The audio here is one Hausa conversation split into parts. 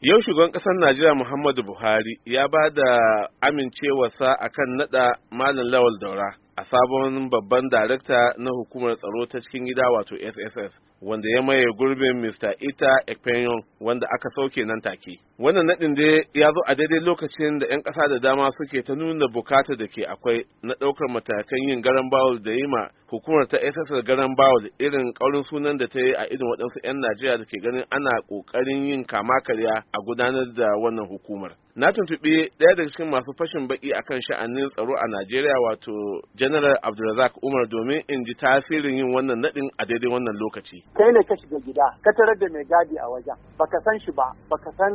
Yau shugaban ƙasar Najeriya Muhammadu Buhari ya ba da amincewarsa akan nada Malam Lawal Daura a sabon babban darakta na hukumar tsaro ta cikin gida wato sss wanda ya maye gurbin mr ita ekpenyon wanda aka sauke nan take wannan nadin dai ya zo a daidai lokacin da 'yan ƙasa da dama suke ta nuna bukata da ke akwai na ɗaukar matakan yin garan bawul da yi ma hukumar ta sss garan bawul irin kaurin sunan da ta yi a irin waɗansu 'yan najeriya da ke ganin ana ƙoƙarin yin kama karya a gudanar da wannan hukumar na tuntuɓi ɗaya daga cikin masu fashin baki akan sha'anin tsaro a najeriya wato general abdulrazak umar domin in ji tasirin yin wannan naɗin a daidai wannan lokaci kai ne ka shiga gida ka tarar da mai gadi a wajen baka san shi ba baka san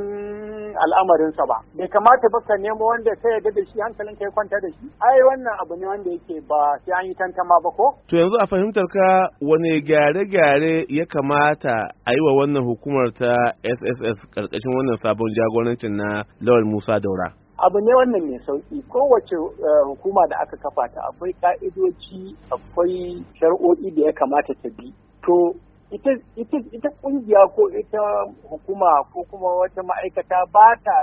al'amarinsa ba bai kamata ba ka nemo wanda ta yarda da shi hankalin ka ya kwanta da shi ai wannan abu ne wanda yake ba sai an yi tantama ba ko to yanzu a fahimtar ka wani gyare-gyare ya kamata a yi wa wannan hukumar ta sss karkashin wannan sabon jagorancin na lawal Musa Daura. abu ne wannan mai sauki kowace eh, hukuma da aka kafa ta akwai ka'idoji akwai shari'o'i da ya kamata ta bi to ita kungiya ko ita hukuma ko kuma wata ma'aikata ba ta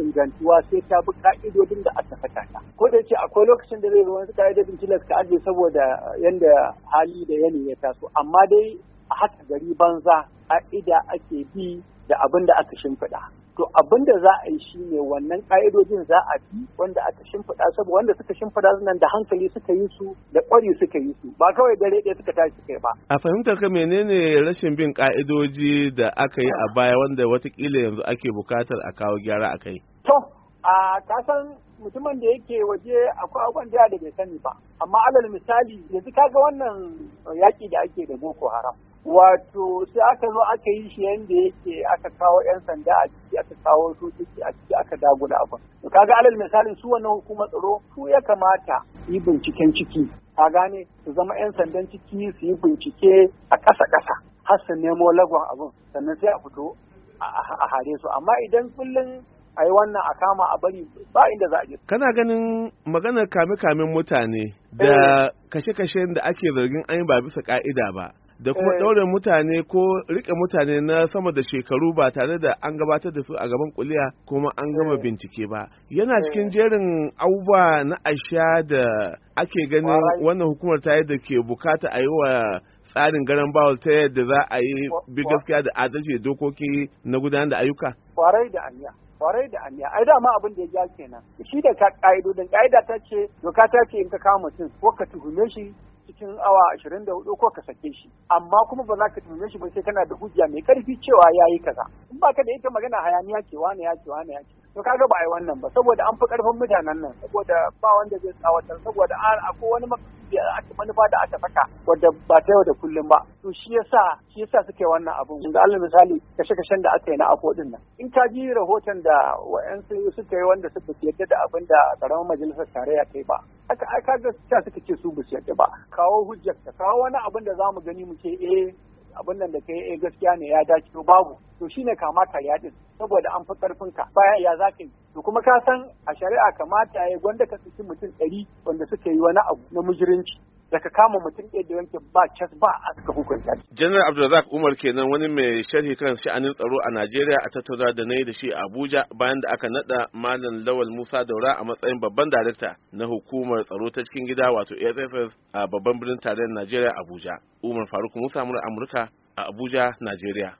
ingantuwa sai ta bi ka'idodin da aka saka ta ko da ce akwai lokacin da zai zama su ka'idodin tilas ka ajiye saboda yadda hali da yanayi ya taso amma dai a haka gari banza ka'ida ake bi da abin da aka shimfiɗa to abin da za a yi shi ne wannan ƙa'idojin za a bi wanda aka shimfiɗa saboda wanda suka shimfiɗa nan da hankali suka yi su da ƙwari suka yi su ba kawai dare ɗaya suka tashi kai ba. A fahimtar ka menene rashin bin ƙa'idoji da aka yi a baya wanda watakila yanzu ake buƙatar a kawo gyara a kai? To, a kasan mutumin da yake waje akwai abubuwan da bai sani ba amma alal misali yanzu kaga wannan yaƙi da ake da boko haram wato sai aka zo aka yi shi yadda yake aka kawo 'yan sanda a ciki aka kawo sojoji a ciki aka dagula abin to kaga alal misalin su wannan hukumar tsaro su ya kamata yi binciken ciki ka gane su zama 'yan sandan ciki su yi bincike a ƙasa ƙasa har su nemo lagon abin sannan sai a fito a hare su amma idan kullum a yi wannan a kama a bari ba inda za a je. Kana ganin maganar kame-kamen mutane da eh. kashe-kashen da ake zargin an yi ba bisa ka'ida ba. da kuma eh. ɗaure mutane ko riƙe mutane na sama da shekaru ba tare da an gabatar da su a gaban kuliya kuma an gama eh. bincike ba yana eh. cikin jerin abubuwa na asha da ake ganin wannan hukumar ta da ke bukata a yi wa tsarin garan bawal ta yadda za a yi bi gaskiya da adalci da dokoki na gudanar da ayyuka kwarai da anya kwarai da aniya ai dama abin da ya ja kenan shi da ka'idodin ka'ida ta ce doka ta ce in ka kama mutum ko ka tuhume shi cikin awa ashirin da hudu ko ka sake shi amma kuma ba za ka tume shi ba sai kana da hujja mai karfi cewa ya yi kaza in ba ka da ita magana hayaniya ce wani ya ce wani ya ce to kaga ba a yi wannan ba saboda an fi karfin mutanen nan saboda ba wanda zai tsawatar saboda an ko wani manufa da aka saka wadda ba ta yau da kullum ba to shi yasa shi yasa suke wannan abun ga Allah misali kashe kashen da aka yi na ako din nan in ka ji rahoton da wa'ansu suka yi wanda suka yadda da abin da karamar majalisar tarayya ta yi ba aka aka ga suka ce su basu yadda ba kawo hujjar ka kawo wani abin da zamu gani mu ce eh abin nan da kai eh gaskiya ne ya dace to babu to shine kama ya din saboda an fi karfin ka baya ya zaka yi to kuma ka san a shari'a kamata ya gwanda ka saki mutum ɗari wanda suka yi wani abu na mujirinci da kama mutum ɗaya da wanke ba cas ba a suka hukunta. Janar Abdulrazak Umar kenan wani mai sharhi kan sha'anin tsaro a Najeriya a tattauna da na yi da shi a Abuja bayan da aka naɗa Malam Lawal Musa Daura a matsayin babban darekta na hukumar tsaro ta cikin gida wato SSS a babban birnin tarayyar Najeriya Abuja. Umar Faruk Musa Amurka a Abuja, Najeriya.